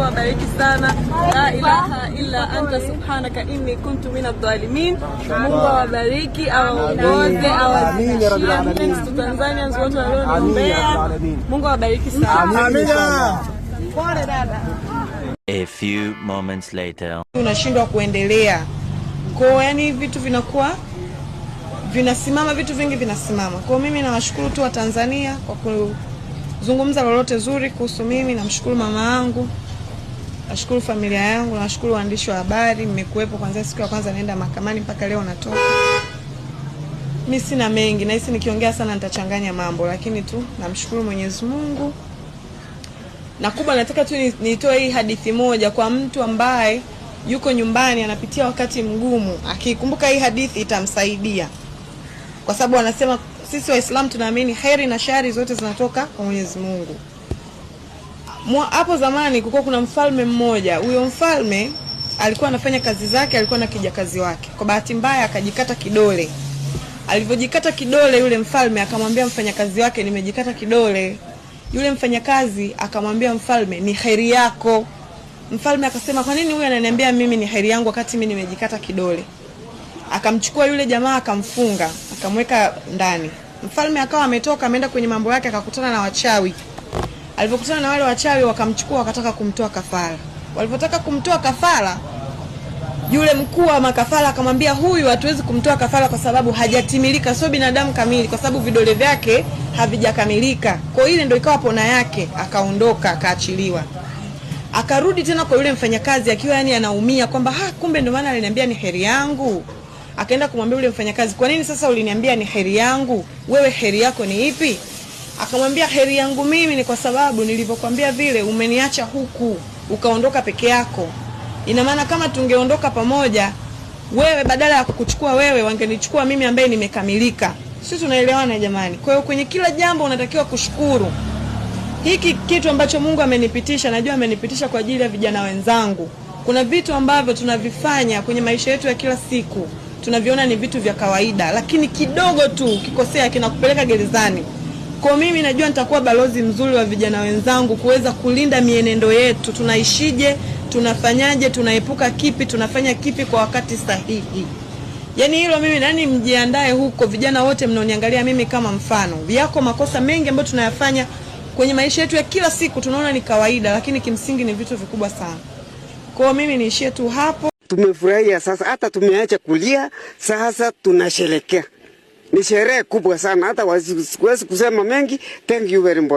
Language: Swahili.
Mungu awabariki sana. La ilaha illa anta subhanaka inni kuntu minadh-dhalimin. Mungu awabariki, awaongoze, awazidishie Tanzania wote walioniombea. Mungu awabariki sana. Amina. Pole dada. A few moments later. Unashindwa kuendelea kwao, yani vitu vinakuwa vinasimama, vitu vingi vinasimama. Kwa mimi nawashukuru tu wa Tanzania kwa kuzungumza lolote zuri kuhusu mimi. Namshukuru mama yangu. Nashukuru familia yangu, nashukuru waandishi wa habari, mmekuwepo kwanzia siku ya kwanza naenda mahakamani mpaka leo natoka. Mi sina mengi, nahisi nikiongea sana nitachanganya mambo, lakini tu namshukuru Mwenyezi Mungu na kubwa nataka tu nitoe hii hadithi moja kwa mtu ambaye yuko nyumbani anapitia wakati mgumu, akikumbuka hii hadithi itamsaidia, kwa sababu wanasema sisi Waislamu tunaamini heri na shari zote zinatoka kwa Mwenyezi Mungu hapo zamani kulikuwa kuna mfalme mmoja. Huyo mfalme alikuwa anafanya kazi zake, alikuwa na kijakazi wake. Kwa bahati mbaya akajikata kidole. Alivyojikata kidole, yule mfalme akamwambia mfanyakazi wake, nimejikata kidole. Yule mfanyakazi akamwambia mfalme, ni heri yako. Mfalme akasema, kwa nini huyu ananiambia mimi ni heri yangu wakati mimi nimejikata kidole? Akamchukua yule jamaa akamfunga, akamweka ndani. Mfalme akawa ametoka ameenda kwenye mambo yake, akakutana na wachawi alipokutana na wale wachawi wakamchukua wakataka kumtoa kafara. Walipotaka kumtoa kafara, yule mkuu wa makafara akamwambia, huyu hatuwezi kumtoa kafara kwa sababu hajatimilika, sio binadamu kamili, kwa sababu vidole vyake havijakamilika. Kwa ile ndio ikawa pona yake, akaondoka, akaachiliwa. Akarudi tena kwa yule mfanyakazi akiwa yani anaumia kwamba ha, kumbe ndio maana aliniambia ni heri yangu. Akaenda kumwambia yule mfanyakazi, kwa nini sasa uliniambia ni heri yangu? Wewe heri yako ni ipi? akamwambia heri yangu mimi ni kwa sababu nilivyokwambia vile umeniacha huku ukaondoka peke yako. Ina maana kama tungeondoka pamoja, wewe badala ya kukuchukua wewe wangenichukua mimi ambaye nimekamilika. Sisi tunaelewana jamani. Kwa hiyo kwenye kila jambo unatakiwa kushukuru. Hiki kitu ambacho Mungu amenipitisha, najua amenipitisha kwa ajili ya vijana wenzangu. Kuna vitu ambavyo tunavifanya kwenye maisha yetu ya kila siku tunaviona ni vitu vya kawaida, lakini kidogo tu ukikosea kinakupeleka gerezani. Kwa mimi najua nitakuwa balozi mzuri wa vijana wenzangu kuweza kulinda mienendo yetu, tunaishije, tunafanyaje, tunaepuka kipi, tunafanya kipi kwa wakati sahihi. Yaani hilo mimi nani, mjiandae huko, vijana wote mnaoniangalia mimi kama mfano. Yako makosa mengi ambayo tunayafanya kwenye maisha yetu ya kila siku, tunaona ni kawaida, lakini kimsingi ni vitu vikubwa sana. Kwa mimi niishie tu hapo. Tumefurahia sasa, hata tumeacha kulia sasa, tunasherekea. Ni sherehe kubwa sana, hata siwezi kusema mengi. Thank you very much.